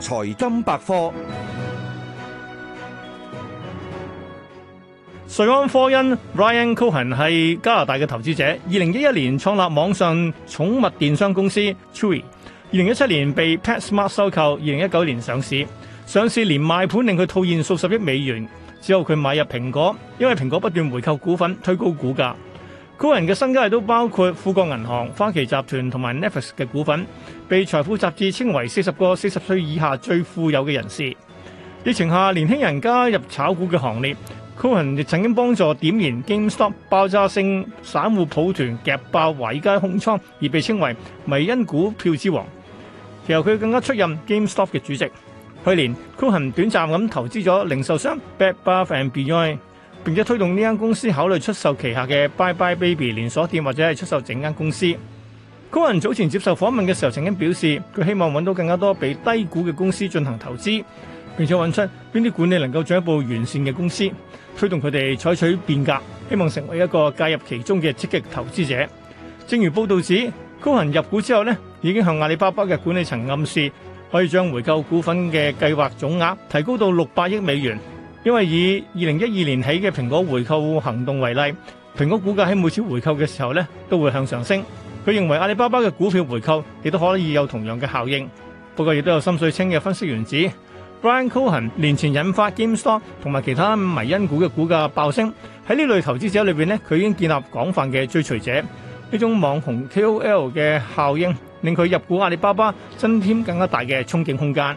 財金百科，瑞安科恩 （Ryan Cohen） 係加拿大嘅投資者。二零一一年創立網上寵物電商公司 Chewy。二零一七年被 PetSmart 收購，二零一九年上市。上市連賣盤令佢套現數十億美元之後，佢買入蘋果，因為蘋果不斷回購股份推高股價。Cohen 嘅身家亦都包括富國銀行、花旗集團同埋 Netflix 嘅股份，被財富雜誌稱為四十個四十歲以下最富有嘅人士。疫情下，年輕人加入炒股嘅行列。Cohen 亦曾經幫助點燃 GameStop 爆炸性散戶抱團夾爆華爾街空倉，而被稱為迷因股票之王。其後佢更加出任 GameStop 嘅主席。去年，Cohen 短暫咁投資咗零售商 Bed Bath and Beyond。並且推動呢間公司考慮出售旗下嘅 Buy Buy Baby 連鎖店，或者係出售整間公司。高恒早前接受訪問嘅時候，曾經表示佢希望揾到更加多被低估嘅公司進行投資，並且揾出邊啲管理能夠進一步完善嘅公司，推動佢哋採取變革，希望成為一個介入其中嘅積極投資者。正如報道指，高恒入股之後呢，已經向阿里巴巴嘅管理層暗示，可以將回購股份嘅計劃總額提高到六百億美元。因為以二零一二年起嘅蘋果回購行動為例，蘋果股價喺每次回購嘅時候咧都會向上升。佢認為阿里巴巴嘅股票回購亦都可以有同樣嘅效應，不過亦都有深水清嘅分析員指 Ryan Cohen 年前引發 GameStop 同埋其他迷因股嘅股價爆升，喺呢類投資者裏邊咧，佢已經建立廣泛嘅追隨者，呢種網紅 KOL 嘅效應令佢入股阿里巴巴增添更加大嘅憧憬空間。